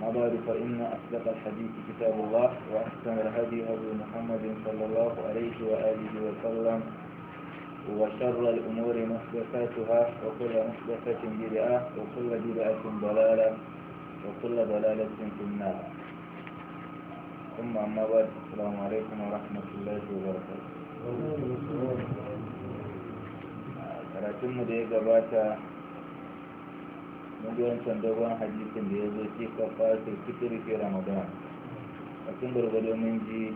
ما فإن أصدق الحديث كتاب الله وأحسن الهدي هدي محمد صلى الله عليه وآله وسلم وشر الأمور محدثاتها وكل محدثة بدعة وكل بدعة ضلالة وكل ضلالة في النار ثم أما بعد السلام عليكم ورحمة الله وبركاته. karatunmu da mun ji hadisin da ya zo ce kafatul fitr fi ramadan cikin gwargwado mun ji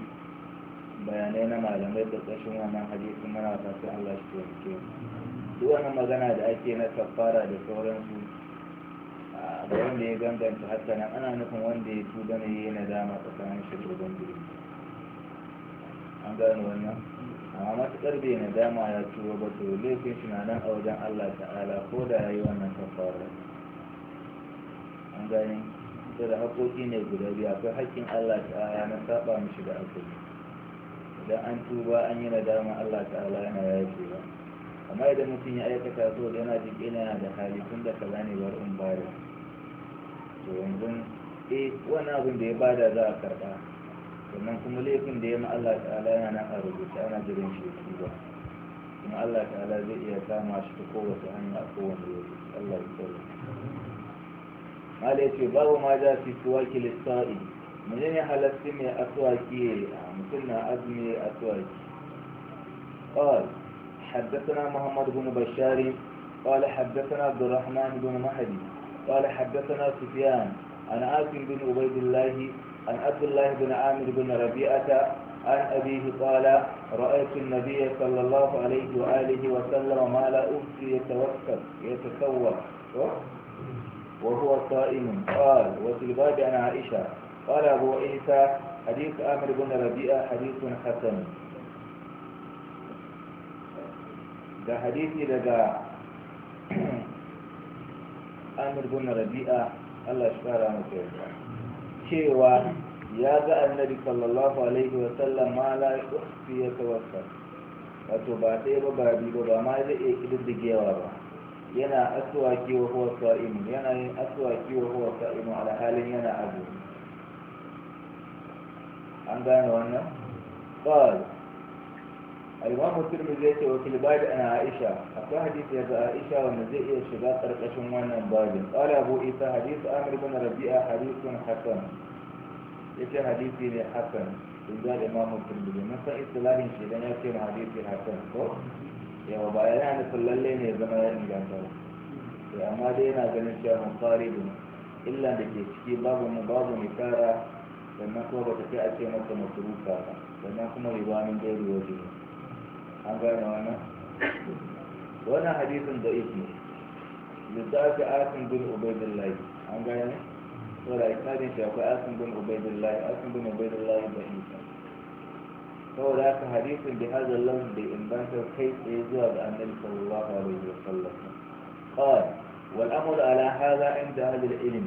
bayanai na malamai da ƙarshen wannan hadisin mana fatan Allah shi taimake duk wannan magana da ake na kafara da sauransu da wanda ya ganganta haka nan ana nufin wanda ya tuba ne ya nadama tsakanin shi da an gano wannan amma matuƙar bai nadama ya tuba ba to laifin shi na nan a wajen Allah ta'ala ko da ya yi wannan kafara an gani ita da haƙoƙi ne guda biyu akwai haƙƙin Allah ta'ala na saba mishi da akwai idan an tuba an yi nadama Allah ta'ala yana yi ba amma idan mutum ya aikata so da yana jin yana da hali tun da kaza ne bar in bada to yanzu eh wani abin da ya bada za a karɓa sannan kuma laifin da ya ma Allah ta'ala yana nan a rubuce ana jiran shi tuba kuma Allah ta'ala zai iya kama shi ta kowace hanya a kowane lokaci Allah ya tsare قال يتي باب ما جاء في سواك للصائم من ين حلت من أسواكي مثلنا أزمي أسواكي قال حدثنا محمد بن بشار قال حدثنا عبد الرحمن بن مهدي قال حدثنا سفيان عن عاصم بن عبيد الله عن عبد الله بن عامر بن ربيعة عن أبيه قال رأيت النبي صلى الله عليه وآله وسلم ما لا أمسي يتوكل يتصور وهو صائم قال وفي الباب عن عائشة قال أبو عيسى حديث آمر بن ربيئة حديث حسن ده حديث لدى آمر بن ربيئة الله شكرا مكيف شيوا يا ذا النبي صلى الله عليه وسلم ما لا يخفي يتوفى wato ba ɗaya ba ba biyu ba ma zai iya ƙididdigewa ba yana aswaki wa huwa sa'im yana yin aswaki wa huwa sa'im ala halin yana abu an gane wannan qal al-imam tirmidhi yace wa fil bab ana aisha akwai hadisi daga aisha wanda zai iya shiga karkashin wannan babin qala abu isa hadith amr ibn rabi'a hadithun hasan yace hadisi ne hasan inda imam tirmidhi mun san istilahin shi dan yace hadisi hasan ko yawa ba yana nufin lalle ne zama ya inganta ba sai amma dai yana ganin cewa muqaribun illa da ke ciki babu mu babu mai kara sannan kuma ba ta kai a ce masa masrufa ba sannan kuma riba min dai ruwa ne an gane wannan wannan hadisin da ibnu littafi asin bin ubaidillahi an gane ne saboda ikadin shi akwai asin bin ubaidillahi asin bin ubaidillahi da ibnu saboda haka hadisin da hadha lafz da inganta kai tsaye zuwa ga annabi sallallahu alaihi wasallam qala wal amru ala hadha inda ahli al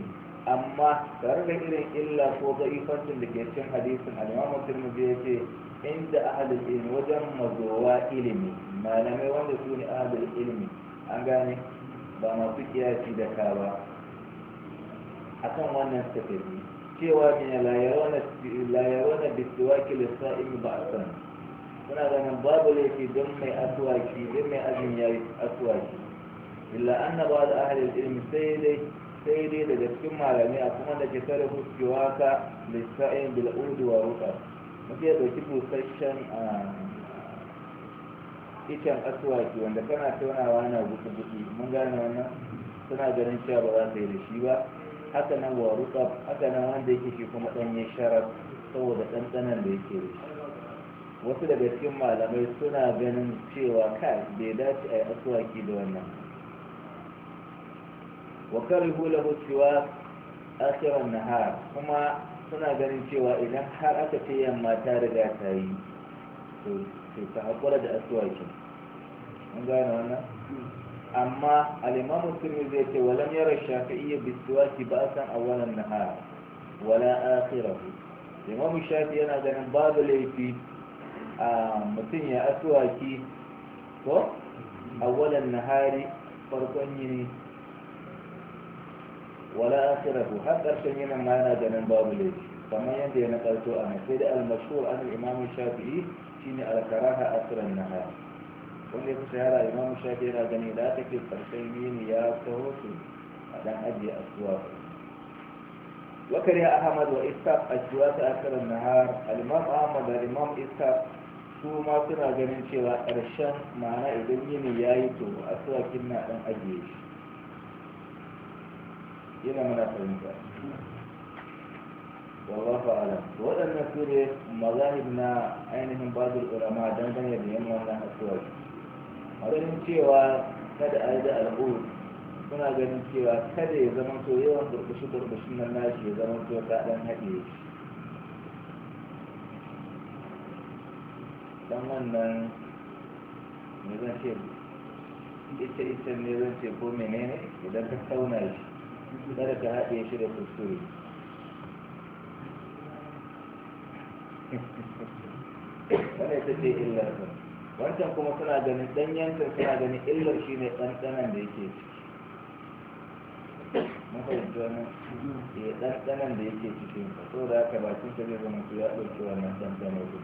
amma tare da irin illa ko da'ifancin da ke cikin hadisin al-imam tirmidhi inda ahli al wajen mazowa ilimi malamai wanda su ne ahli al an gane ba masu kiyaci da ka ba akan wannan suka cewa ne la yarona bisiwaki lissa'in ba a san suna ganin babu laifi don mai asuwaki don mai azin ya yi illa an na ba da ahalin sai dai sai dai daga cikin malami a kuma da ke tare huskewa ka lissa'in bil'udu wa ruka mutu ya ɗauki busasshen icen asuwaki wanda kana taunawa na gusu-gusu mun gane wannan suna ganin cewa ba za ta yi da shi ba haka nan wa rukab haka nan wanda yake shi kuma ɗanyen sharaf saboda ɗanɗanan da yake wasu daga cikin malamai suna ganin cewa kai bai dace a yi asuwaki da wannan wa karihu lahu cewa akhiran nahar kuma suna ganin cewa idan har aka ce yamma ta riga ta yi to ta haƙura da asuwaki an gane wannan amma al-imam tirmidhi yace walam yara shafi'i bi san ba'san awwalan nahar wala akhirahu imam shafi yana ganin babu laifi a mutum ya asuwaki ko awwalan nahari farkon yini wala akhirahu har karshen yinin ma yana ganin babu laifi kamar yadda ya nakalto a sai da al-mashhur an al-imam shafi'i shine al-karaha asran nahari واللي بسيارة إمام الشافعي رجني لا تكتب تلقيمين يا صوتي على هذه أصوات وكره أحمد وإسحاق أجواس آخر النهار الإمام أحمد الإمام إسحاق سو ما ترى جنين شوى أرشان معنى إبنين يايتو أسوى كنا أن أجيش إلى من أفرمك والله أعلم وأنا نفسه مظاهبنا عينهم بعض العلماء دنبن يبين وإن أسوى a ganin cewa kada a yi da al'ud suna ganin cewa kada ya zama to yawan burbushi burbushin nan nashi ya zama to ka dan haɗe shi dan wannan ne zan ce ita ita ne zan ce ko menene idan ka tauna shi kada ka haɗe shi da kusuri wannan ita ce illar wancan kuma suna ganin ɗanyensa suna ganin illar shi ne ɗanɗanan da yake eh, ɗanɗanan da yake cikin ka so da haka bakin sa zai zama su ya ɗauki wannan ɗanɗanan da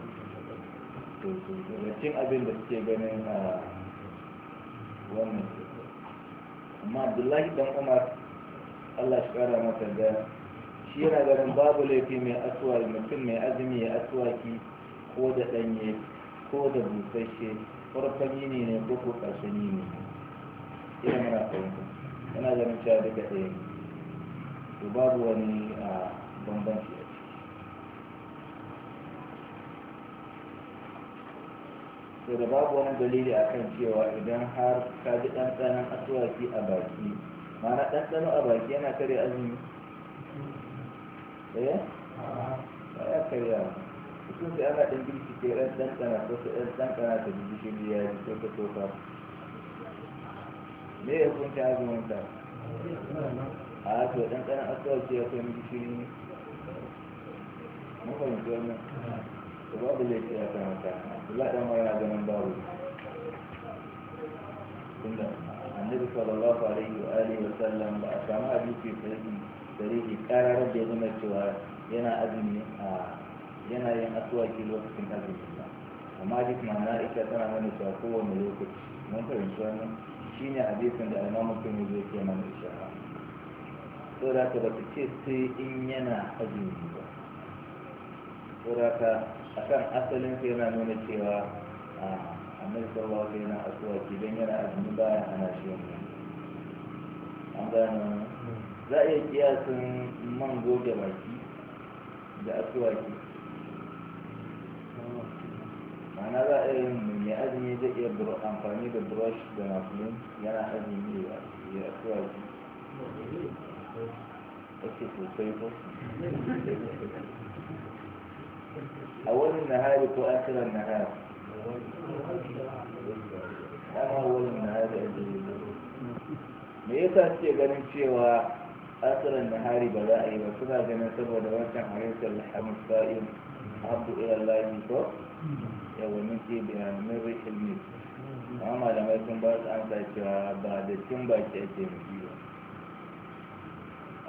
to su daga cin abin da suke ganin a ah, wannan amma abdullahi dan umar allah shi kara masa da shi yana ganin babu laifi mai asuwa mutum mai azumi ya asuwaki ko da ɗanye ko da busasshe farkon yini ne ko ko ƙarshen yini ne ina muna fahimta yana ganin cewa duka ɗaya ne to babu wani a bambanci a ciki to da babu wani dalili akan cewa idan har ka ji ɗanɗanon asuwaki a baki ma'ana ɗanɗano a baki yana karya azumi ɗaya? Eh? ba ya karya cikin sai ana ɗan girki ke ɗan ɗanɗana ko su ɗan ɗanɗana ta biyu shi ya yi ko ta toka me ya kunta azumin ta a to ɗanɗana asuwa ce ya kai miki shiri ne mun fahimci wannan to babu zai a kan haka abdullahi ɗan mara ganin babu tunda annabi sallallahu alaihi wa alihi wa sallam ba a samu hadisi sahihi sahihi karar da ya zama cewa yana azumi a yana yin asuwaki lokacin azumin sa amma duk ma'ana ita tana mani cewa kowane lokaci mun fahimci wannan shine hadisin da imamu kuma zai ke mana ishara to da ka bata ce sai in yana azumi ba to da ka akan asalin sai yana nuna cewa a annabi sallallahu alaihi yana asuwaki don yana azumi baya ana shi wannan an gano hmm. za a iya kiyasin man goge baki da asuwaki ma'ana za a yi mai azumi zai iya amfani da brush da mafilin yana azumi ya tuwa ji ake sosai ko a wani nahari ko akiran nahari ana wani nahari a jirgin me yasa suke ganin cewa asirin nahari ba za a yi ba suna ganin saboda wancan halittar hamsa'in abu ilallahi ko yawa min fi min rihil mis da malamai sun ba su amsa cewa ba da cin baki ake mafi ba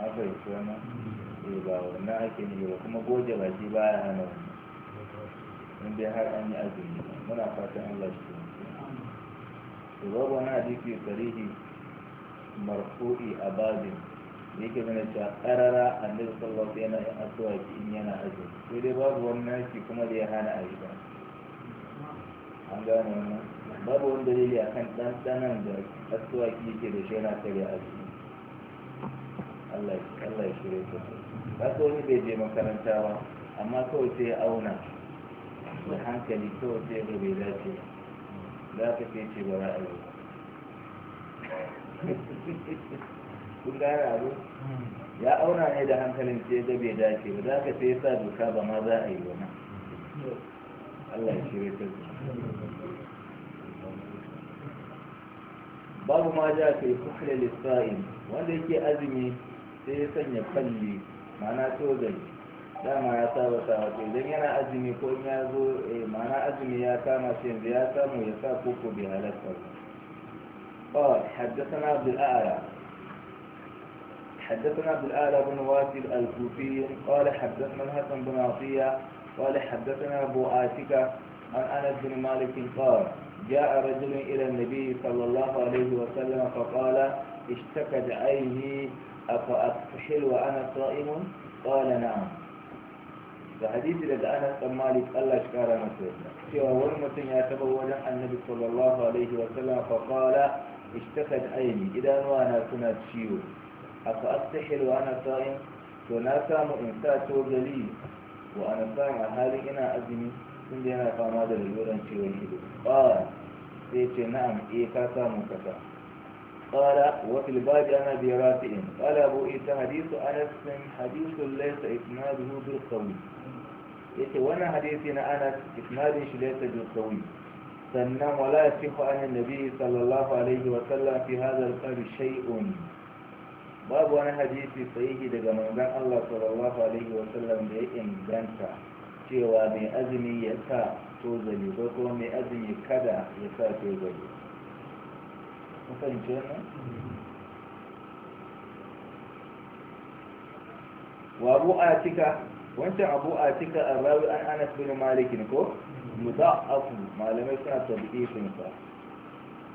an fahimci wannan eh ba wani ake ne ba kuma goge baki ba ya hana wani in dai har an yi azumi muna fatan Allah shi su babu wani hadisi tarihi marfu'i a babin yake mana cewa karara annabi sallallahu alaihi wasallam yana shi in yana azumi sai dai babu wannan shi kuma da ya hana a yi ba an gane wannan babu wani dalili akan dan danan da aswaki yake da shi yana kare azumi Allah ya shirye ta ba ko ni bai je makaranta ba amma kawai sai ya auna da hankali kawai sai ga bai dace za ka ce ba ra'ayi ba kun gane abu ya auna ne da hankalin ce da bai dace ba za ka sai sa doka ba ma za a yi wani Allah ya shirya ta babu ma ja kai kuhle lissa'in wanda yake azumi sai ya sanya kalli ma'ana da dama ya saba sawa wato idan yana azumi ko in ya zo Eh ma'ana azumi ya kama sai yanzu ya samu ya sa koko bai halatta ba. Ba haddasa na Abdul حدثنا عبد الأعلى بن واسل الكوفي قال حدثنا الحسن بن عطية قال حدثنا أبو آتكة عن أنس بن مالك قال جاء رجل إلى النبي صلى الله عليه وسلم فقال اشتكت عيني أفأكحل وأنا صائم قال نعم فحديث لدى أنس بن مالك قال شكرا مسير سوى ورمة يتبول عن النبي صلى الله عليه وسلم فقال اشتكت عيني إذا وأنا كنت شيوخ Haka astahil wa ana sa'in to na samu in sa togali wa ana sa'in a halin ina azumi tun da yana fama da laluran ciwon ido qala sai ce na'am eh ka samu kasa qala wa fil babi ana bi rafi'in qala abu hadisu hadithu anas hadithu laysa isnaduhu bil qawi yace wannan hadisi na anas isnadin shi laysa bil qawi sannan wala ya fi yasihu an annabi sallallahu alaihi wa sallam fi hadar kari qawli shay'un babu wani hadisi sahihi daga manzon Allah sallallahu alaihi wa sallam da ya inganta cewa mai azumi ya sa tozali ko kuma mai azumi kada ya sa tozali kun wa abu atika wancan abu atika a rawi an anas bin malikin ko muda'afu malamai suna tabi'ifin sa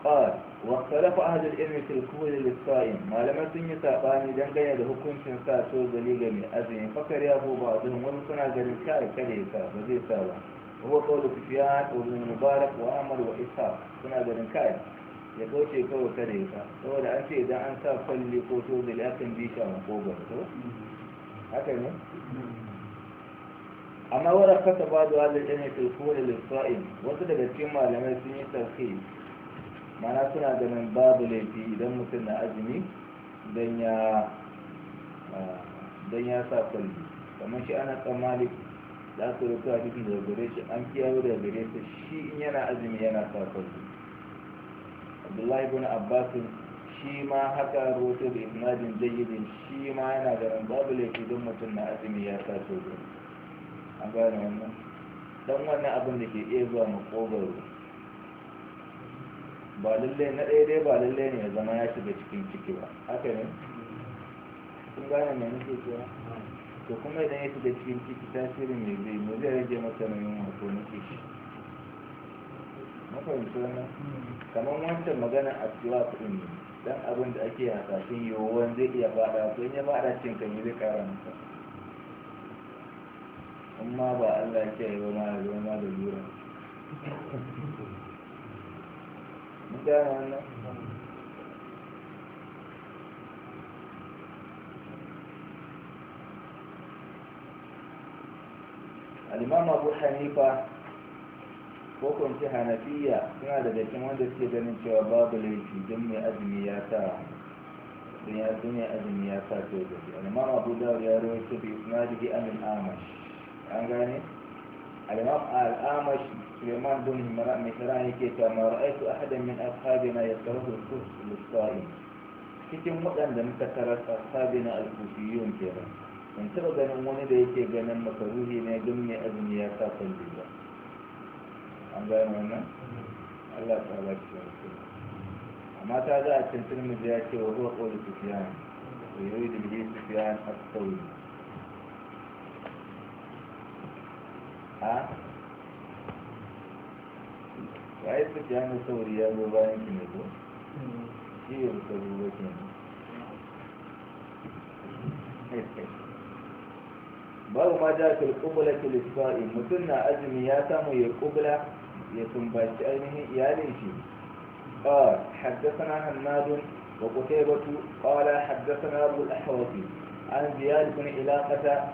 قال واختلف أهل العلم في الكفر للصائم ما لم يكن يتابعني دنجي ده حكم شنسا سوى ذليل من فكر يا أبو بعضهم ومسنا ذلك كريسا بذي ساوى هو قول سفيان وابن المبارك وأمر وإسحاق سنا ذلك ya kauce kawai kada ya sa saboda an ce idan an sa kwalli ko to da lakan bi shi a makogar to haka ne amma wara kasa ba da ɗan wasu daga cikin malamai sun yi mana suna ganin babu laifi idan mutum na azumi don ya sa kwalbi kamar shi ana tsammali za su rufe a cikin da gare shi an kiyaye da gare shi shi in yana azumi yana sa kwalbi abdullahi bin abbas shi ma haka roto da imajin jayyidin shi ma yana ganin babu laifi don mutum na azumi ya sa kwalbi an gane wannan dan wannan abin da ke iya zuwa makogaro ba lalle na ɗaya dai ba lalle ne ya zama ya shiga cikin ciki ba haka ne Sun gane mai nake cewa to kuma idan ya shiga cikin ciki tasirin mai zai mu zai rage masa na yin wato na kishi mafahimci wannan kamar wancan magana a cewa kudin ne dan abin da ake hasashen yiwuwan zai iya fada don ya fada cin kan zai kara masa amma ba Allah ya yi ba ma da lura الإمام أبو حنيفة فوقهم في حنفية في هذا لكن وانده سيدة من شواباب اللي في جمع أدمياتا في الدنيا أدمياتا سيدة الإمام أبو دار يا روي سبي اسمه دي أمن آمش عن غاني الإمام الآمش سليمان بن مثلاني كيف ما رأيت أحدا من أصحابنا يكره الكهف للصائم كتم مدن لم تكرت أصحابنا الكوفيون كيف من سبب أن أمون ديك جنا مكروه ما دمي أبني أساطا لله أمدان هنا الله تعالى أما تعالى أتنسى المجاك وهو قول سفيان ويريد به سفيان الطويل ها؟ ya yi suke yana sauri ya zo bayan ki ne ko shi ya ruwa ke ne babu ma da ake kubula ke lissafi mutum na azumi ya samu ya kubula ya sumbaci ainihin iyalin shi قال حدثنا حماد وقتيبة قال حدثنا أبو الأحوصي عن زياد بن علاقة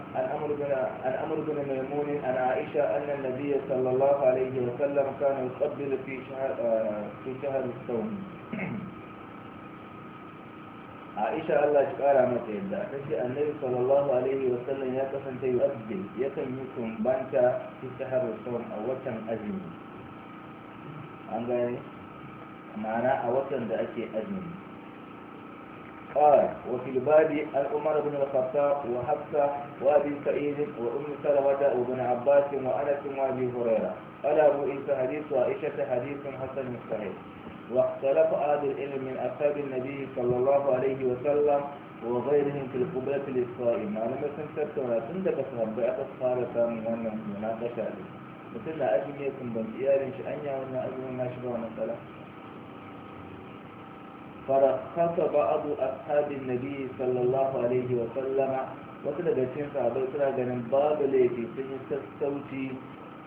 عن أمر بن ميمون عن عائشة أن النبي صلى الله عليه وسلم كان يقبل في شهر آه، في شهر الصوم. عائشة الله شكرا ما تيدا تجي النبي صلى الله عليه وسلم يا كسنت يقبل يكن يكون بانتا في شهر الصوم أو وكم أزمي. عن ذلك إيه؟ معناه أو وكم أشي قال وفي الباب الأمر عمر بن الخطاب وحفصة وأبي سعيد وأم سلمة وابن عباس وأنس وأبي هريرة ألا أبو إنس حديث عائشة حديث حسن صحيح واختلف أهل العلم من أصحاب النبي صلى الله عليه وسلم وغيرهم في القبلة الإسرائيل معلومة سنتبتنا ولا صحبة أتصفار سامي وأنهم مناقشة مثل أجمية بن إيارين شأنيا وأن أجمية ما شبه مثلاً فرخص بعض أصحاب النبي صلى الله عليه وسلم وكذا بسين صحابي صلى الله عليه باب ليكي سنة السوتي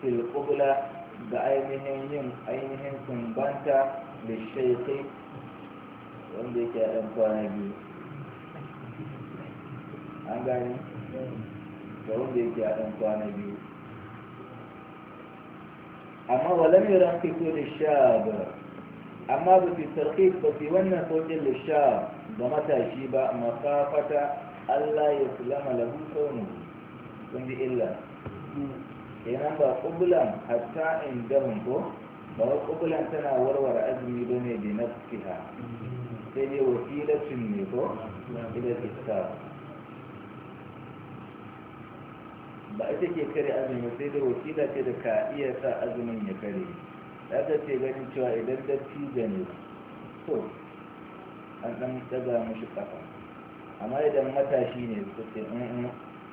في القبلة بأينهن يم أينهن سنبانتا للشيخ وانديك يا أنفاني أنجاني وانديك يا أنفاني أما ولم يرحكوا للشاب amma ba fi tarhib ba fi wannan saukin lisha ga matashi ba makafata Allah ya sulama lahu kaunu sun bi illa kenan ba kubulan hatta in dahun ko ba wa kubulan tana warware azumi ba ne bi nafsiha sai dai wakilatin ne ko idan iska ba ita ke kare azumi sai dai wakila ce da ka iya sa azumin ya kare za ta ce ganin cewa idan dattijo ne to an ɗan daga mashi ƙafa amma idan matashi ne ta ce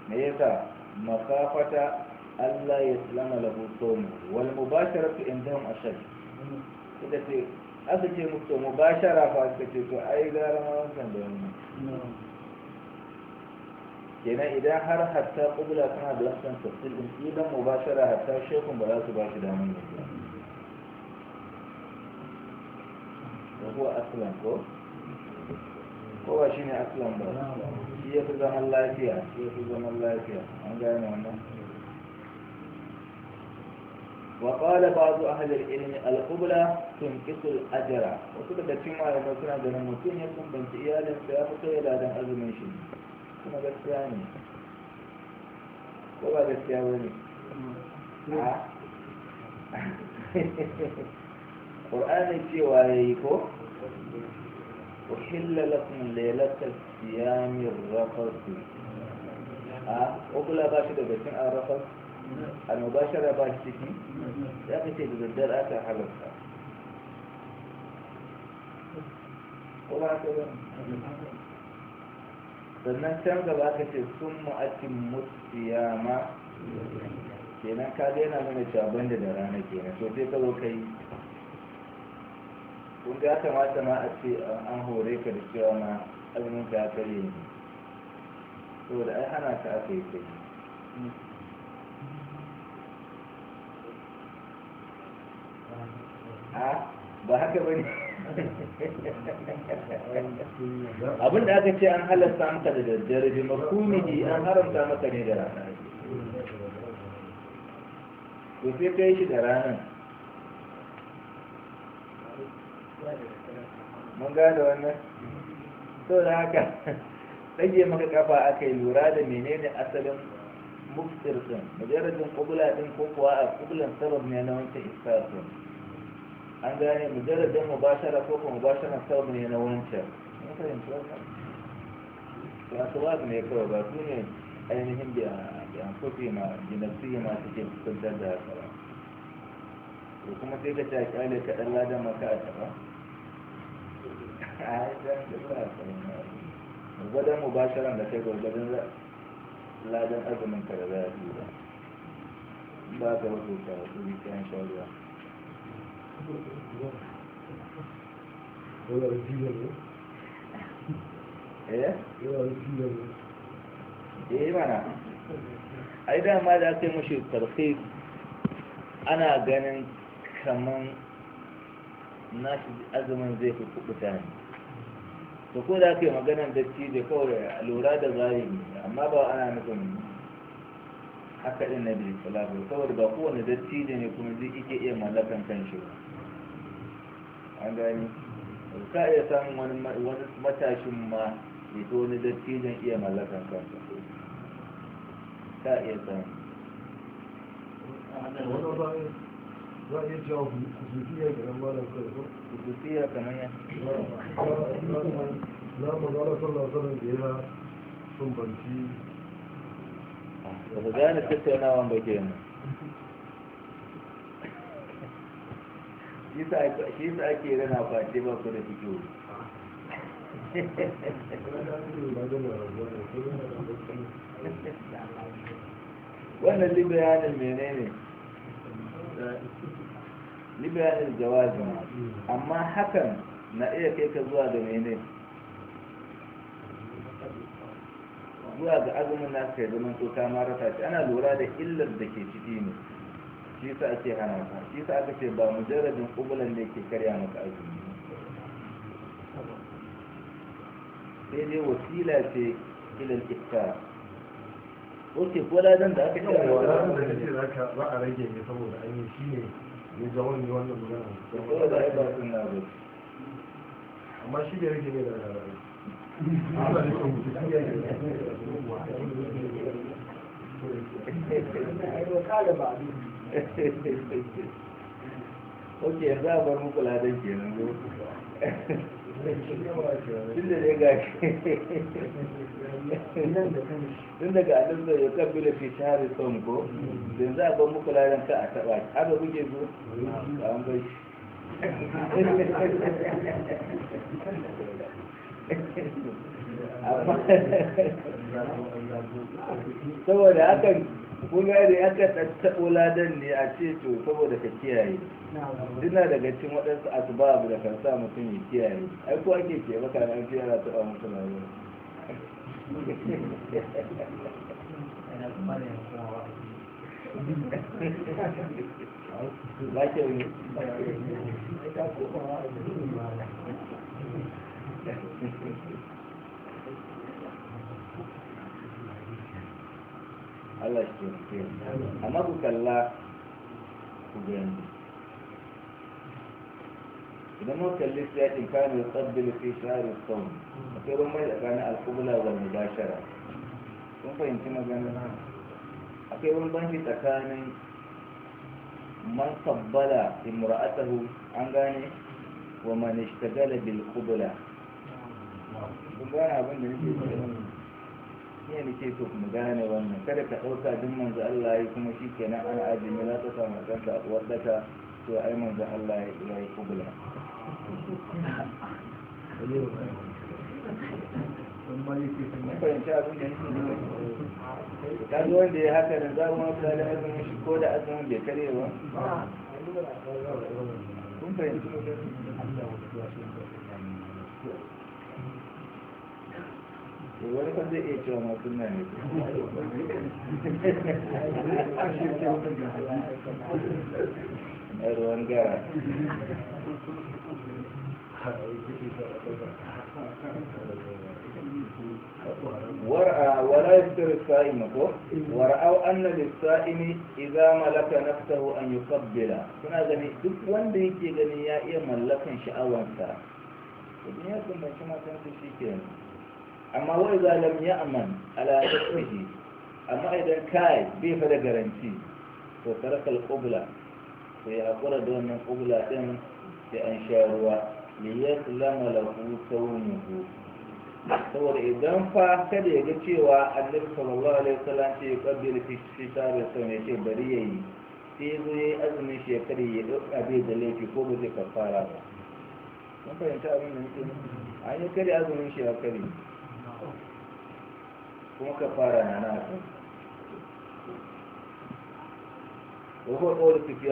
me yasa makafata Allah ya salama lahu tomu wal mubashara tu indahum ashad ita ce aka ce musu mubashara fa aka ce to ai gara ma wancan da wannan kenan idan har hatta kubula tana da wancan tafsir din idan mubashara hatta shekun ba za su ba shi damar yanzu وهو أسلم هو kowa shi ne aslan ba shi ya fi zaman lafiya shi ya fi zaman وقال بعض أهل العلم القبلة تنقص الأجر وكتب كتير ما يمكن أن يكون بنت إيالا إلى كما قلت يعني قلت القرآن في وآيكو أحل لكم ليلة الصيام الرفض ها أقول أباشر بسن الرفض أه، المباشرة باشتكي يقتل بالدر آتا حلوك قول هكذا فلنا سنة باكتل ثم أتم الصيام كينا كادينا من الشعبين دراني كينا شو تيكو كي kun ga kamata ma a ce an hore ka da cewa ma azumin ka kare ne saboda ai hana ka aka yi kai a ba haka ba ne abin da aka ce an halasta maka da daddare bi makumihi an haramta maka ne da rana to sai ka yi shi da ranar mun gane wannan to da haka rage maka kafa aka yi lura da menene asalin muftir din mujarradin kubula din ko kuwa a kubulan sabab ne na wancan iftar din an gane mujarradin mubashara ko kuma mubashara sabab ne na wancan mun fahimci ba su ne kawai ba su ne ainihin da an kofi ma jinafsi ma suke fuskantar da haka ba kuma sai ka ta kyale kaɗan ladan maka a taɓa. gwadon mubasharan da kai gwargwadon ladan azumin ka da za a yi ba ba ka wato ka wato bi kayan shawara eh eh mana ai dama da aka yi mashi tarfi ana ganin kaman nashi azumin zai fi kuɓuta ne to ko da kai maganar ci da kawai lura da ne amma ba ana nufin haka din na bil salat saboda ba kowane da ne kuma zai yake iya mallakan kanshi ba an gani ka iya samun wani matashin ma ya to wani da iya mallakan kansa ka iya samun za a iya cewa kusurfiya kamar ya na sun banci tattaunawa ba ke nan shi sa ake rana face ba ku da fito wannan duk menene libayanin jawazi amma hakan na iya kai ka zuwa da mene zuwa ga azumin na kai zaman to ta marata ce ana lura da illar da ke ciki ne shi sa ake hana ta shi sa aka ce ba mujarradin kubulan ne ke karya maka azumi sai dai wasila ce ilal ko ke ko ladan da aka ce a rage ne saboda an yi shi ne ya zama ne wannan magana ko da ai ba sunna ba amma shi da yake ne da Allah ne ko ne ya yi Ok, yanzu a bar muku ladan kenan zo. tun ne ga tun daga alif da ya kabbi da fi shahari son ko yanzu a ban muku ladan ka a taɓa haka kuke zo A an bai saboda hakan kuma da aka tattaɓo ladan ne a ce to saboda ka kiyaye dina daga cikin waɗansu asbab da kan sa mutum ya kiyaye ai ko ake ke maka an fiye da taɓa mutum na yau Allah shi ke amma ku kalla ku ga yanzu idan mun kalli su siyakin kanu ya tsabbili fi shahari saun akwai rumbai tsakanin alkubula da mubashara kun fahimci maganin magana akwai banki tsakanin man sabbala imra'atahu an gane wa man ishtagala bil qubla kun gane abin da nake shi ne ce to mu gane wannan kada ka ɗauka duk manzo Allah ya kuma shi kenan an azumi za ka samu kanka a uwar daka to ai manzo Allah ya yi kubula fahimci abin da nake kan wanda ya haka da zaɓin wata da azumin shi ko da azumin bai kare ba kun fahimci ولا ورأى يفتر السائم ورأوا أن للسائم إذا ملك نفسه أن يقبل كنا ذني دك وان بيكي ذني يا إيه إن شاء الله أنت ودنيا كنا شما كنت شيكين amma wani za ya aman ala ismihi amma idan kai bai fa da garanti to tarakal qubla to ya hakura da wannan qubla din sai an sha ruwa li yaslama lahu tawnuhu saboda idan fa kada ya ga cewa annabi sallallahu alaihi wasallam sai ya kabbila fi shitabi sai ya ce bari yayi sai zo yayi azumin shekari ya dauka bai da laifi ko ba zai kafara ba mun fahimta abin da muke an yi kare azumin shekari kuma ka fara na na abu wa shafi.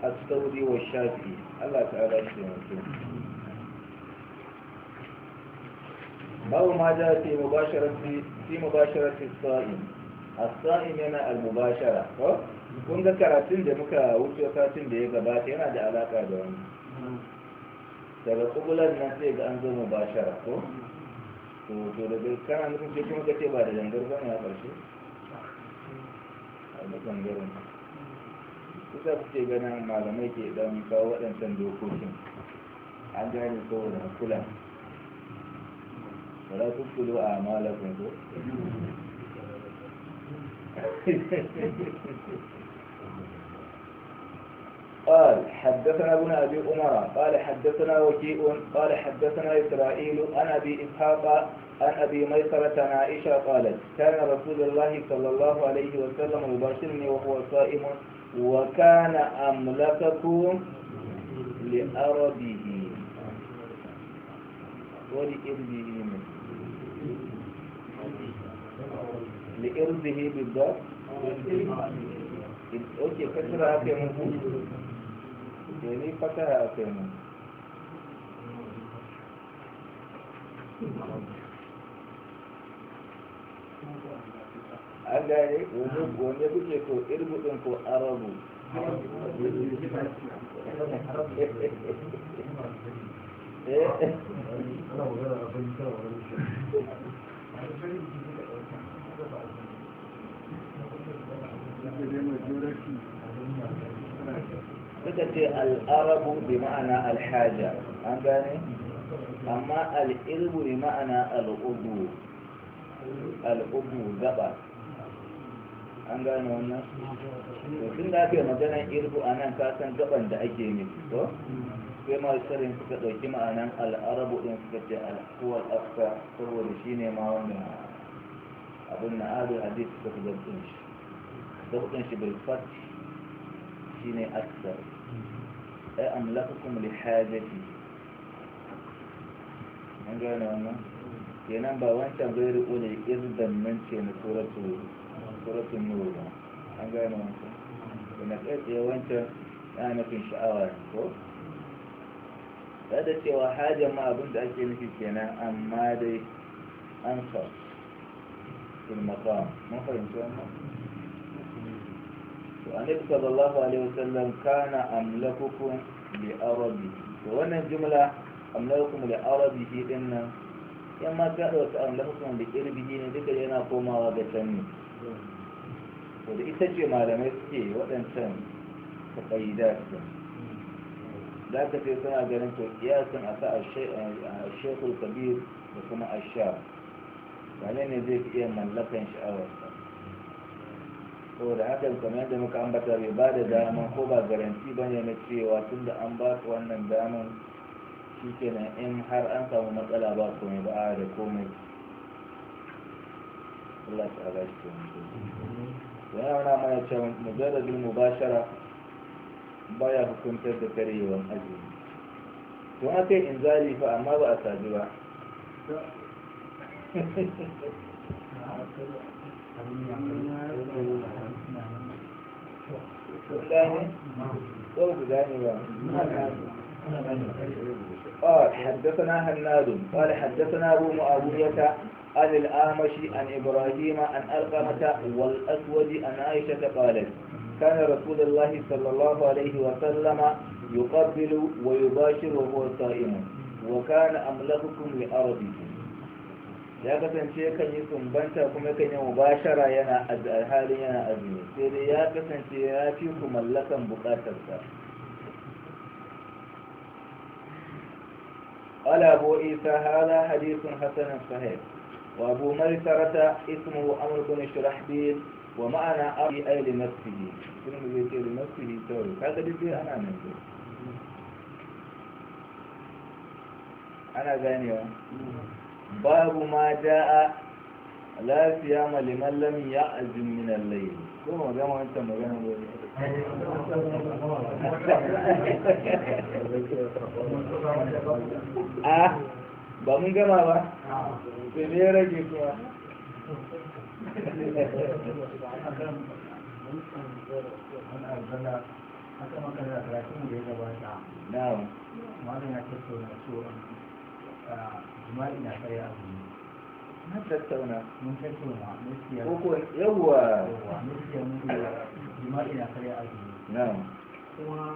Allah الثوري والشافعي الله تعالى يسلمكم أو ما fi في مباشرة في مباشرة الصائم الصائم yana al-mubashara ko kun ga karatun da muka wuce satin da ya gabata yana da alaka da wani daga kubulan nan sai ga an zo mubashara ko to da bai kana nufin sai kuma kace ba da dangar ba ne a ƙarshe a duk ɓangaren kusa kuke ganin malamai ke dan kawo waɗancan dokokin an gane saboda kula wala tukulu a malakun ko قال حدثنا ابن أبي أمرة قال حدثنا وكيء قال حدثنا إسرائيل أنا أبي إسحاق عن أبي ميسرة عائشة قالت كان رسول الله صلى الله عليه وسلم يباشرني وهو صائم وكان أملككم لأرضه ولإرضه منه لإرضه بالضبط اوكي كسرها في مفهوم da fata fataha kai mu an gane wani kuke ko irbudin ko arabu Thank eh? you. suka ce al'arabu bi ma'ana alhaja an gane amma al'ilmu bi ma'ana al'udu al'udu gaba an gane wannan to tun da ake maganar irbu a nan kasan gaban da ake nufi ko sai masarin suka ɗauki ma'anan al'arabu ɗin suka ce al'uwar afka saboda shi ne ma wannan abin na adil hadis suka fi zaɓin shi zaɓin shi bil fati تعطيني أكثر أملككم لحاجتي من جانا أنا ينام بوانتا غير أولي إذبا من تين كرة كرة النور من جانا أنا إنك إذ يا وانتا أنا في شعار هذا سوى حاجة ما أبنت أكيني في كنا أم مادي أنصر في المقام ما فهمت أنا annabi sallallahu alaihi wasallam kana amlakukum li arabi to wannan jumla amlakukum li arabi shi din nan yan ma ta da amlakukum li irbihi ne duka yana komawa ga can ne to da ita ce malamai suke waɗancan taqayyida da ka ce suna ganin to kiyasin a sa a shekul kabir da kuma ashab wane ne zai iya mallakan sha'awarsa saboda hakan kamar yadda muka ambata bai ba da dama ko ba garanti ba ne na cewa tun da an ba su wannan daman shi kenan in har an samu matsala ba mai ba da komai Allah ta ala shi kenan yana mana cewa mujarradin mubashara baya hukuntar da karyewar azumi don aka in inzali fa amma ba a sadu ba قال حدثنا هناد قال حدثنا أبو معاوية عن الأعمش عن إبراهيم عن أرقمة والأسود عن عائشة قالت كان رسول الله صلى الله عليه وسلم يقبل ويباشر وهو صائم وكان أملككم لأرضكم ya kasance yakan yi sumbanta kuma kan yi mubashara yana halin yana azumi sai dai ya kasance ya fi ku mallakan bukatarsa قال أبو عيسى هذا حديث حسن صحيح وأبو مرثرة اسمه أمر بن شرحبيل ومعنى أبي أي لنفسه كلمة بيتي لنفسه توري هذا بيتي أنا نفسه أنا ذاني babu ma da'a lafiya maliman lam ya azin min allahi ko wancan magana ne ah, ba mun gama ba sai ne rage kuma da na um, uh, jima'i na kai abu na tattauna mun tattauna gaskiya ko yawwa gaskiya mun jima'i na kai abu na'am kuma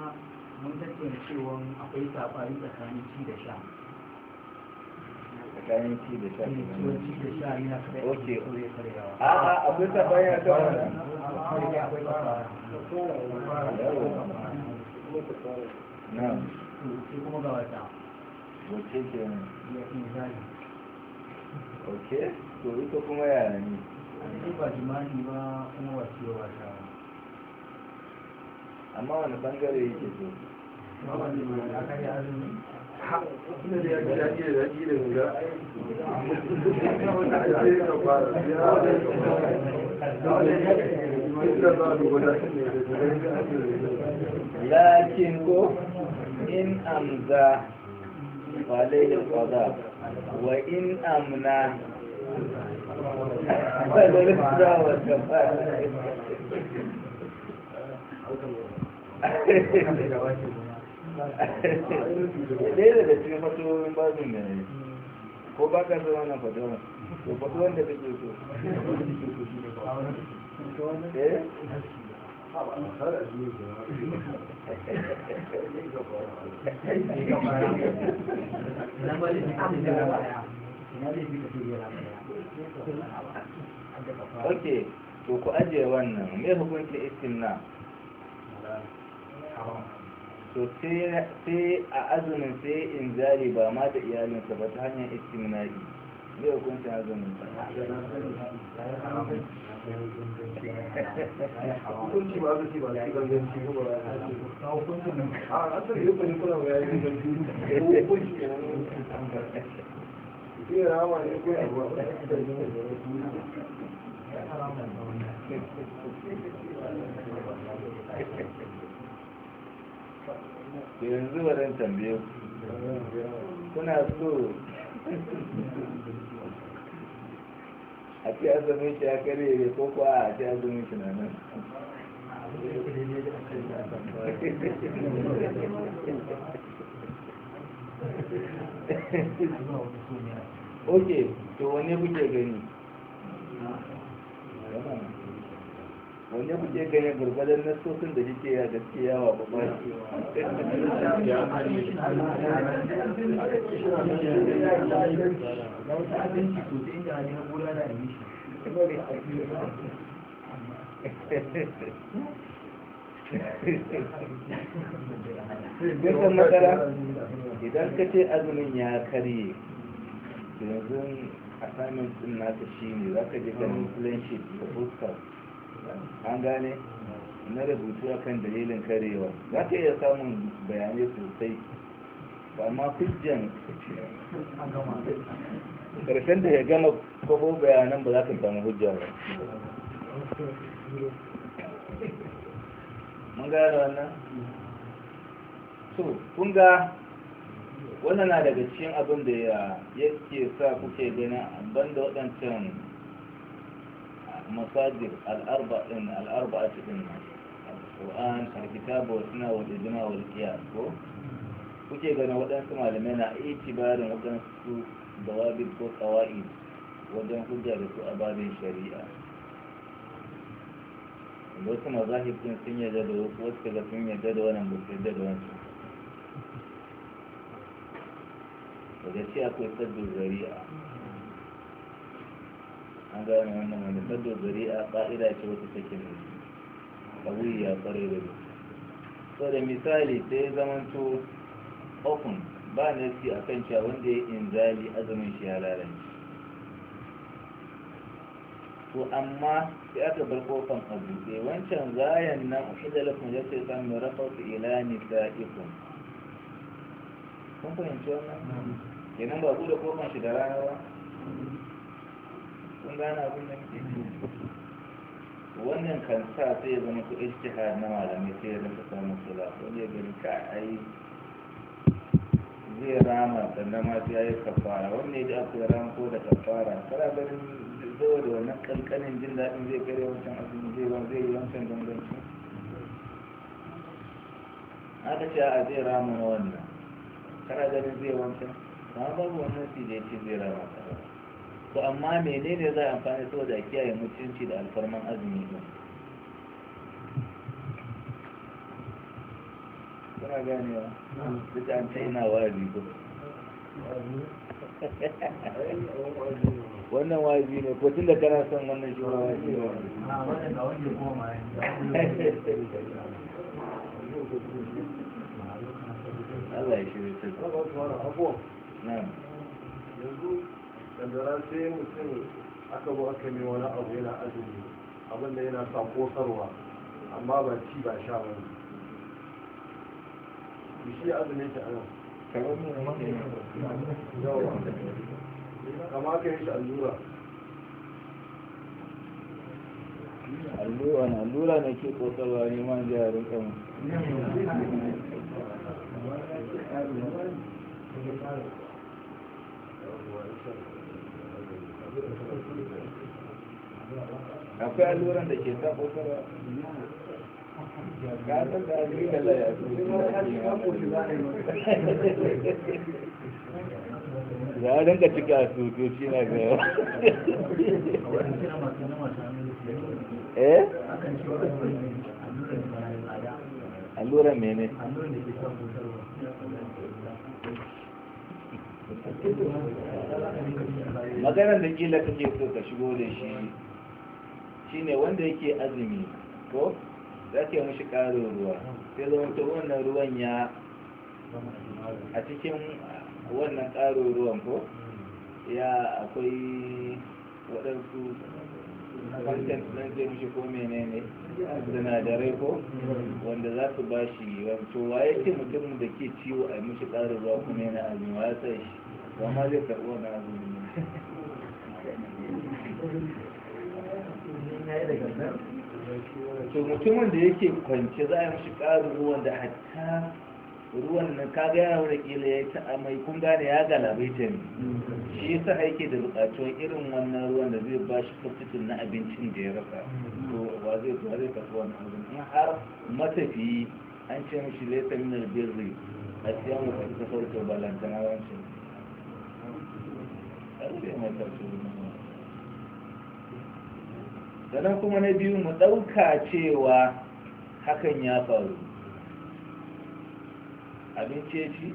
mun tattauna cewa akwai sabani tsakanin ci da sha tsakanin ci da sha eh, ci da sha yana kare ok a a akwai sabani a kan wannan akwai na'am kuma ga wata wacce to ita kuma yana ne ba jima'i ba kuma wace amma wani bangare yake so lakin ko in amza فعليه القضاء وإن أمنع فالرضا والكفاءة cikin bazin da ne ko ba ka zama na to so ok to ku ajiye wannan me hukunci istimna to sai a azumin sai in zari ba ma da iyalinsa ba ta hanyar istimna'i yau kun ta zama hukunci ba su ce ba su ba a asali kuna ba ya yi ko hukunci ke nan rama ne ko ya yanzu tambaye kuna so a ce azumin shi ya kare ko kuwa a ce shi na nan ok to wane kuke gani wanda kuke ganin gurbadan nasosin da kike ya gaskiya wa ba Bisan matsala idan ka ce azumin ya karye yanzu assignment din naka shi ne za ka je ganin plan da fuskar an gane na rubutu kan dalilin karewa za ka iya samun bayanai sosai ba ma fijiyan karshen da ya gama kwabo bayanan ba za ka samu hujja ba mun gane wannan so kun ga wannan na daga cikin abin da ya ke sa kuke ganin ban da waɗancan masajir al'arba ɗin al'arba a cikin al'ur'an alkitabu wa suna wa ijima wa alkiyar ko kuke gana waɗansu malamai na itibarin waɗansu dawabin ko kawai wajen hujja wasu mazahib sun yarda da wasu wasu kaga sun yarda da wannan ba su yarda da ce akwai sabbin zari'a an gane wannan wanda ta dogari a ƙa'ida ce wata take ne kawai ya kware da so da misali sai zamanto ofin ba fi a kan cewa wanda ya inzali azumin shi ya lalace to amma sai aka bar kofan a buɗe wancan zayan nan uhidalakun ya ce rafa su ila iko. kun fahimci wannan kenan ba buɗe kofan shi da rana ba kun gana abin da muke wannan kan sa sai ya zama ku ijtihad na malamai sai ya rinka samun sula ko ya gani ka yi zai rama sannan ma sai yi kafara wannan ya ji aka rama ko da kafara kada ganin zuwa da wannan kankanin jin daɗin zai kare wancan abin zai wani zai yi wancan gangancin aka ce a zai rama na wannan kada ganin zai wancan ba babu wannan sijeci zai rama ta to amma menene za a amfani saboda kiyaye mutunci da alfarman azumi din kuna ganewa duk an ta ina ko wannan ne ko tun da kana son wannan shi ma ne Allah ya shirya ta. kaddara sai mutum aka zo aka mai wani abu yana azumi abinda yana sa kosarwa amma ba ci ba sha ba ne shi azumin shi anan kama ka yi shi allura allura na allura na ke kosarwa ne man jarin kama Thank you. akwai alluran da ke da shi na ga eh alluran mene alluran da ke maganar da kila kake so ka shigo da shi shine wanda yake azumi ko za ka yi mashi ƙarin ruwa sai zama ta wannan ruwan ya a cikin wannan ƙarin ruwan ko ya akwai waɗansu content na zai mishi ko menene sinadarai ko wanda za su ba shi wato waye ce mutum da ke ciwo a mushi ƙarin ruwa kuma yana azumi ya sa shi amma zai karɓi wannan azumi to mutumin da yake kwance za a mishi ƙarin ruwan da hatta ruwan nan kaga yaro da kila ya ta amai kun gane ya galabaita ne shi yasa yake da bukatuwar irin wannan ruwan da zai ba shi kwafitin na abincin da ya rasa to ba zai ba zai tafi wannan abin in har matafiyi an ce mishi laifin min albirri a siyan mutum ta farko balantana wancan sannan kuma na biyu mu ɗauka cewa hakan ya faru abinci ya ci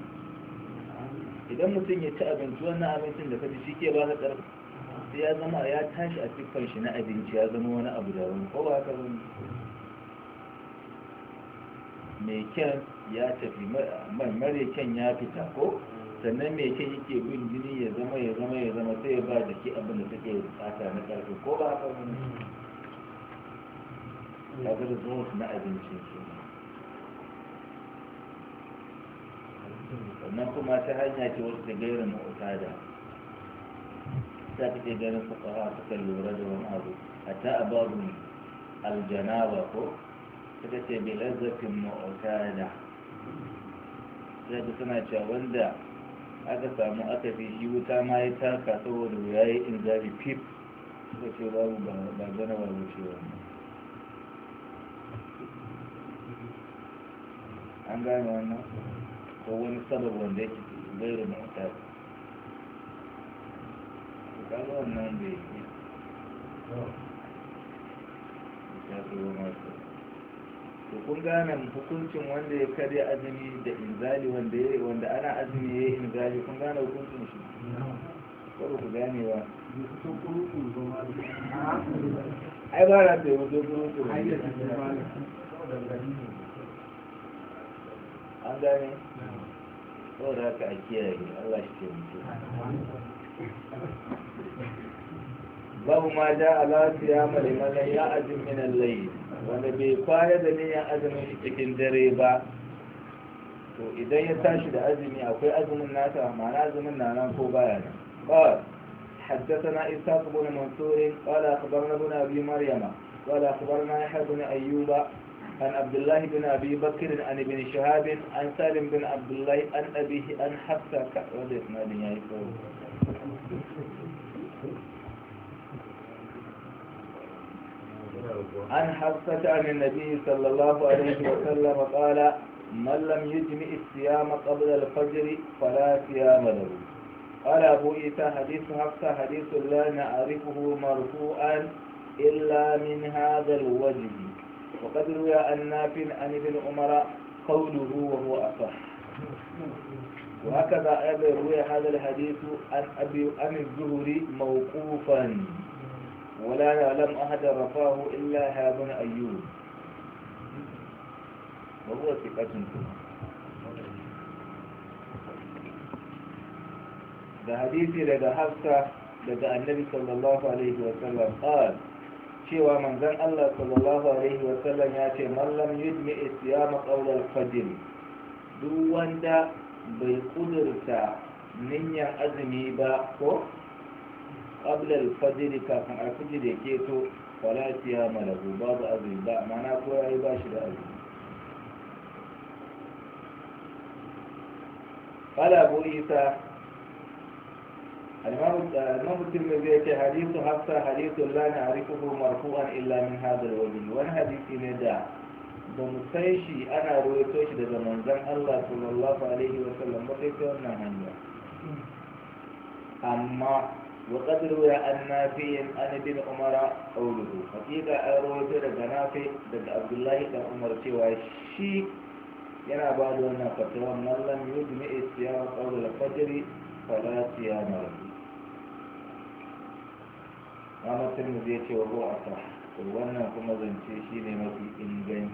idan mutum ya ci abinci wannan abincin da kaji shi ke ba ka ƙarfi sai ya zama ya tashi a cikin shi na abinci ya zama wani abu da wani ko ba ka wani mai kyan ya tafi mare kyan ya fita ko sannan mai ce yake bin jini ya zama ya zama ya zama sai ya ba da ke abin da take tsaka na karfi ko ba haka wani ta ga zuwa na abinci su sannan kuma ta hanya ce wasu ta gaira na otada ta kake ganin a suka lura da wani abu a ta ababun aljanaba ko suka ce bilazzatin ma'otada zai suna cewa wanda aka samu aka fi shi wuta ma ya taka saboda ya yi in zabi fif suka ce babu ba gana ba wucewa an gane wannan ko wani sabab wanda yake gairu na wuta su wannan ya yi ya zo masu kun gane hukuncin wanda ya karya azumi da inzali wanda ya wanda ana azumi ya inzali kun gane hukuncin shi ko ku gane ba ai ba ra ta yi wajen kurutu an gane ko da haka a kiyaye Allah shi ke mutu babu ma ja ala siyama liman ya azumi min al-layl wanda bai fara da niyan azumin shi cikin dare ba to idan ya tashi da azumi akwai azumin nasa ma'ana azumin na nan ko baya nan qala haddathana isa ibn mansur qala akhbarna ibn abi maryama qala akhbarna yahya ibn ayyuba عن عبد الله بن ابي بكر عن ابن شهاب عن سالم بن عبد الله عن ابيه عن حفصه كعبد ما دنيا يقول عن حفصة عن النبي صلى الله عليه وسلم قال من لم يجمع الصيام قبل الفجر فلا صيام له قال أبو إيسى حديث حفصة حديث لا نعرفه مرفوعا إلا من هذا الوجه وقد روي عن نافع عن ابن عمر قوله وهو أصح وهكذا أيضا روي هذا الحديث عن أبي عن الزهري موقوفا ولا يعلم أحد رفاه إلا هذا أيوب وهو ثقة ده حديثي لدى حفصة لدى النبي صلى الله عليه وسلم قال cewa manzon Allah sallallahu ya ce mallam yudmi isyama qawla al-fajr duk wanda bai kudurta niyyar azumi ba ko قبل الفجر كان kafin al-fajr da ke to أذن siya malahu babu أي ba أذن قال أبو إيسا الإمام الترمذي في حديث حفصة حديث لا نعرفه مرفوعا إلا من هذا الوجه وأن حديث ندى بمسيشي أنا رويتوش ده منزل الله صلى الله عليه وسلم وقيت أنه نعم. أما وقد روي أن فيهم أن بن عمر قوله فكيدا أروي في بن عبد الله بن عمر سوى الشيء ينا بعد أن فترة من لم يدمع الصيام قبل الفجر فلا صيام له أما تلمذية وهو أصح وأنا كما زنتي شيء لما في إنجنش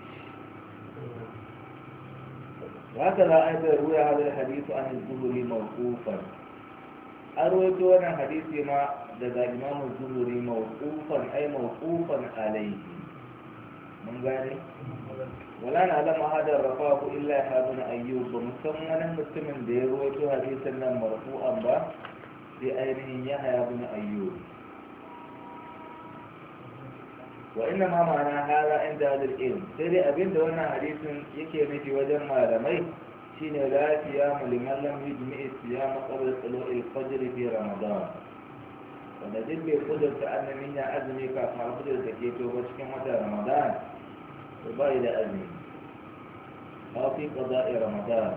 هكذا أيضا روي هذا الحديث عن الزهري موقوفا an rawaito wannan hadisi ma daga imamu zuhuri mawqufan ay mawqufan alayhi mun gane wala na alama hadar rafaku illa harun ayyub ba musamman mutumin da ya rawaito hadisin nan marfu'an ba sai ainihin ya haya bin ayyub wa inna ma ma'ana hada inda hadal ilm sai dai abinda wannan hadisin yake nufi wajen malamai ستين ليلة يوم لمن لم يجمع صيام قبل طلوع الفجر في رمضان فنزل بقدرة أن منا أزمي كما قدر زكيته وشكي متى رمضان وبايد أزمي أو في قضاء رمضان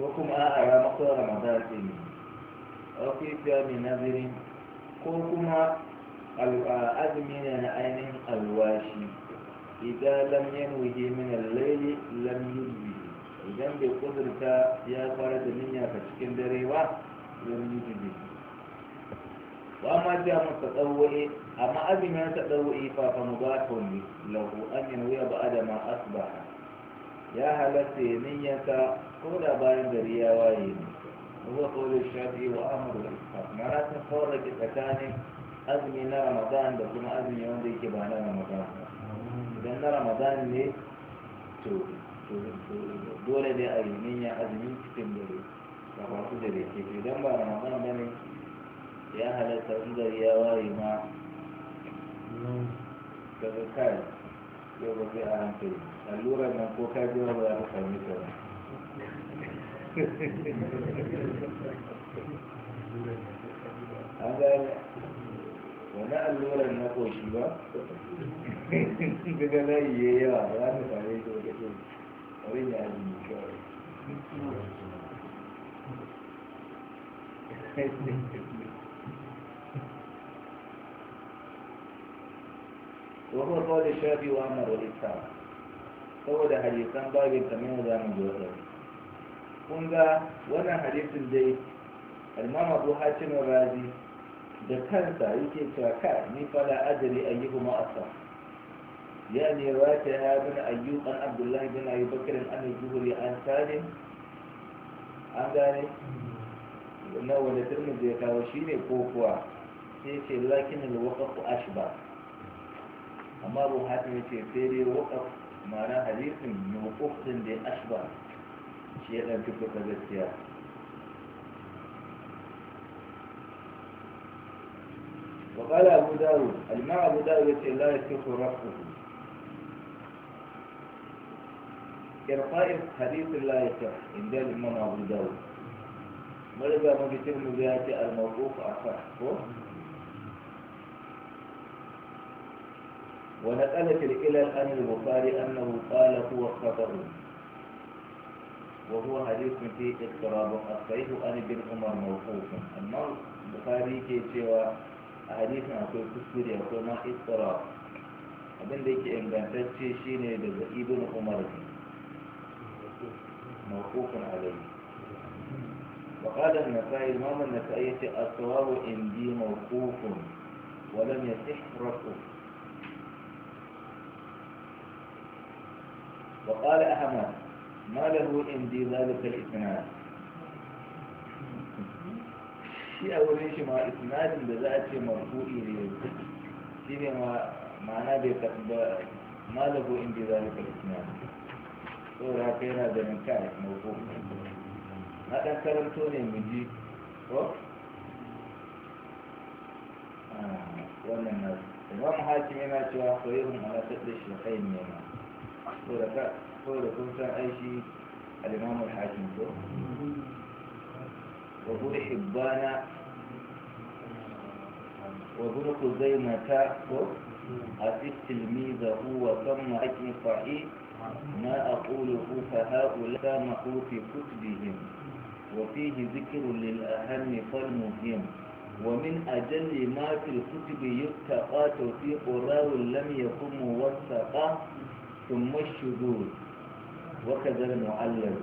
وكم أرى آه مقر رمضان إني أو في كام نذر كم أزمي آه أنا أين الواشي إذا لم ينوي من الليل لم يجمي idan bai kudurta ya fara da niyya ka cikin dare ba zan yi jibi wa ma amma mu tsawwaye amma azumin ta tsawwaye fa fa mubatun lahu an yanwiya ba'da ma asbaha ya halatta ya niyyata ko da bayan gari ya waye ne هو قول الشافعي وأمر الإسحاق معناته تفرق تكاني أزمي نا رمضان ده كما أزمي يوم ديكي بانا رمضان إذا نا رمضان ليه dole ne a yi niyyar azumi cikin dare da masu da ke idan ba magana ba ne ya halatta in gari ya ware ma daga kai yau ba a hankali allurar nan ko kai biyu ba za ka sami ta ba an wani allurar na koshi ba daga layi ya yawa ba za ka sami ta ba وإلا أن وهو قال الشافي وأمر الإسلام هو ده حديث كان باقي تمام ده من جوه كون ده وانا حديث الدي المام ابو حاتم الرازي ده كان سايكي تراكا ني ادري ايهما اصح يعني رواتها بن أيوب عن عبد الله بن أبي بكر عن الزهري عن سالم عن ذلك na wanda turmuzi ya kawo shi ne ko kuwa sai ce lakin alwaqaf ba amma abu hatim ce sai dai waqaf ma'ana halittun da ba shi ya dan fito ta gaskiya وقال أبو داود الماء أبو داود لا يصح رفقه irfa'in hadisin la yasa inda imam abu dawud mariga mafi mu ya ce al-mawquf afa ko ونقلت الإلل عن البخاري أنه قال هو خطر وهو حديث فيه اضطراب الصحيح عن ابن عمر موقوف أما البخاري كي سوى حديث أقول كسر يقول ما اضطراب abin da yake ingantacce shine daga ibn umar موقوف عليه وقال النسائي الإمام النسائي إن عندي موقوف ولم يصح رفعه وقال أحمد ما له عندي ذلك الإسناد في أول شيء ما ma بذات مرفوع إليه في ما ما ne shi ne ma ma'ana bai saboda yana da ninka a mako na ɗan karanto ne mu ji ko ah, wannan na imam hakim yana cewa sahihun ala sadda shakai ne ma saboda ka saboda kun san aishi hakim ko ko ما أقوله فهؤلاء محو في كتبهم وفيه ذكر للأهم فالمهم ومن أجل ما في الكتب يتقى توثيق راو لم يكن موثقا ثم الشذوذ وكذا المعلم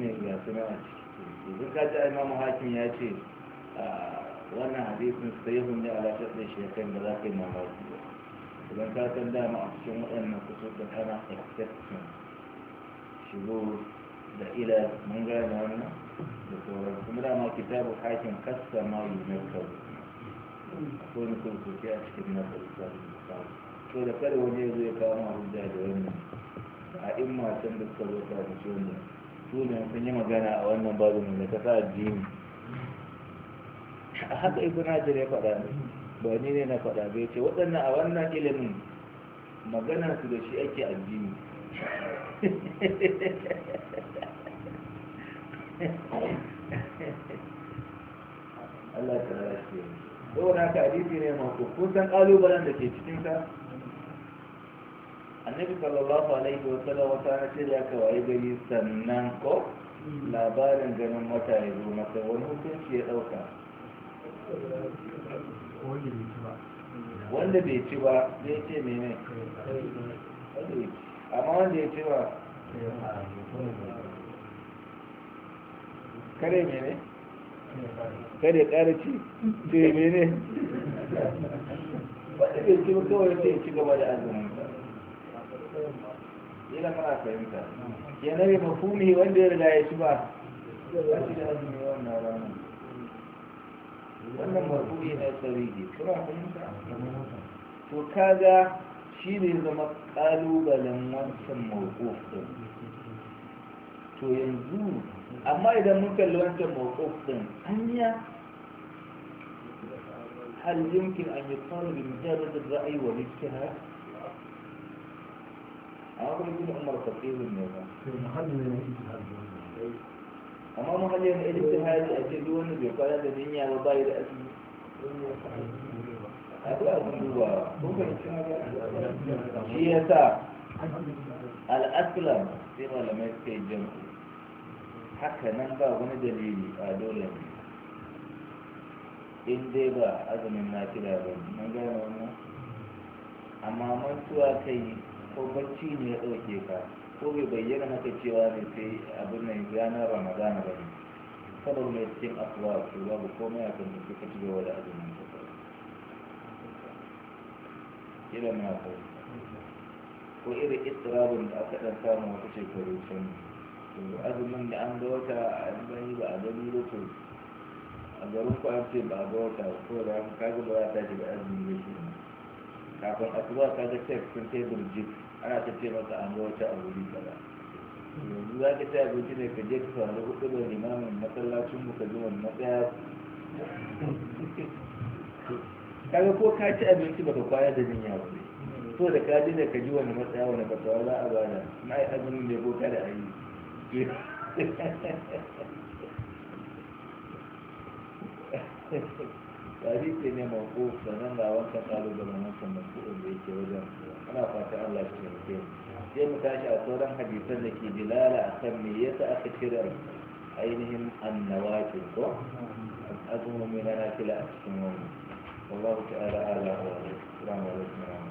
ne ga suna a ciki duk ka ji imam hakim ya ce wannan hadisin sai hunde a lafiyar da shekan da za ka yi mamaki ba kuma ta san dama a cikin waɗannan kusurta tana exception shigo da ila mun gane wannan da sauran kuma dama kitabu hakin kasta ma yi na kawo akwai wani kurkuki a cikin na karisa da misali to da kada wani ya kawo ma hujja da wannan a in matan da suka zo ta da shi wannan su ne sun yi magana a wannan babin da ta sa addini a haka ibn hajar ya faɗa ne ba ni ne na faɗa bai ce waɗanda a wannan ilimin magana su da shi ake addini Allah ta shi yau na ka hadisi ne mako kun san ƙalubalen da ke cikin sa annabi sallallahu alaihi wa sallam wata na ce ya ka waye gari sannan ko labarin ganin wata ya zo masa wani hukunci ya ɗauka wanda bai ci ba zai ce mene amma wanda ya ci ba kare mene kare kare ci ce mene wanda bai ci ba kawai sai ci gaba da azumi yana mana fahimta yanayi mafuni wanda ya riga ya ci ba ya ci da azumi المرفوع الاثري كراهه وكذا شيء لما قالوا بلمن موقوف تو ينزو اما اذا ممكن لو انت موقوف انيا هل يمكن ان يقال بمجرد الراي والاجتهاد أقول لكم عمر تقييم النظام في amma muhallin da ilimin hali a ce duk wani bai kwana da jinya ba bayi da asibiti akwai abin duba shi ya sa al'aslam sai malamai suka yi jin haka nan ba wani dalili a dole ne in dai ba azumin na kira ba mun gane wannan amma mantuwa kai ko bacci ne ya ɗauke ka ko bai bayyana haka cewa ne sai abin nan na ramadana ba ne sabar mai cikin afuwa su babu komai a kan da suka ci gaba da azumin ta kila na ko ko irin istirabin da aka ɗan samu wata shekaru can azumin da an ga wata an yi ba a gani ba to a garin ku an ce ba a ga wata ko da an kaga ba za ta ji ba azumin da shi kafin asuba ka ga tek sun tebur jiki ana ta ce maka an ga wata a ta kaza yanzu za ka ci abinci ne ka je ka samu hudu da limamin masallacin mu ka ji wani matsaya kaga ko ka ci abinci baka kwaya da jinya ne so da ka ji da ka ji wani matsaya wani fatawa za a bada na yi azumin da ko kada a yi Thank you. tarihi ne mako sannan ga wanka kalubalen wancan mafi'ul da yake wajen ana fata Allah ya taimake sai mu tashi a sauran hadisan da ke dilala a kan me yasa aka kira ainihin annawaki ko azumin na kila a cikin wannan wallahu ta'ala a'lam wa rahmatullahi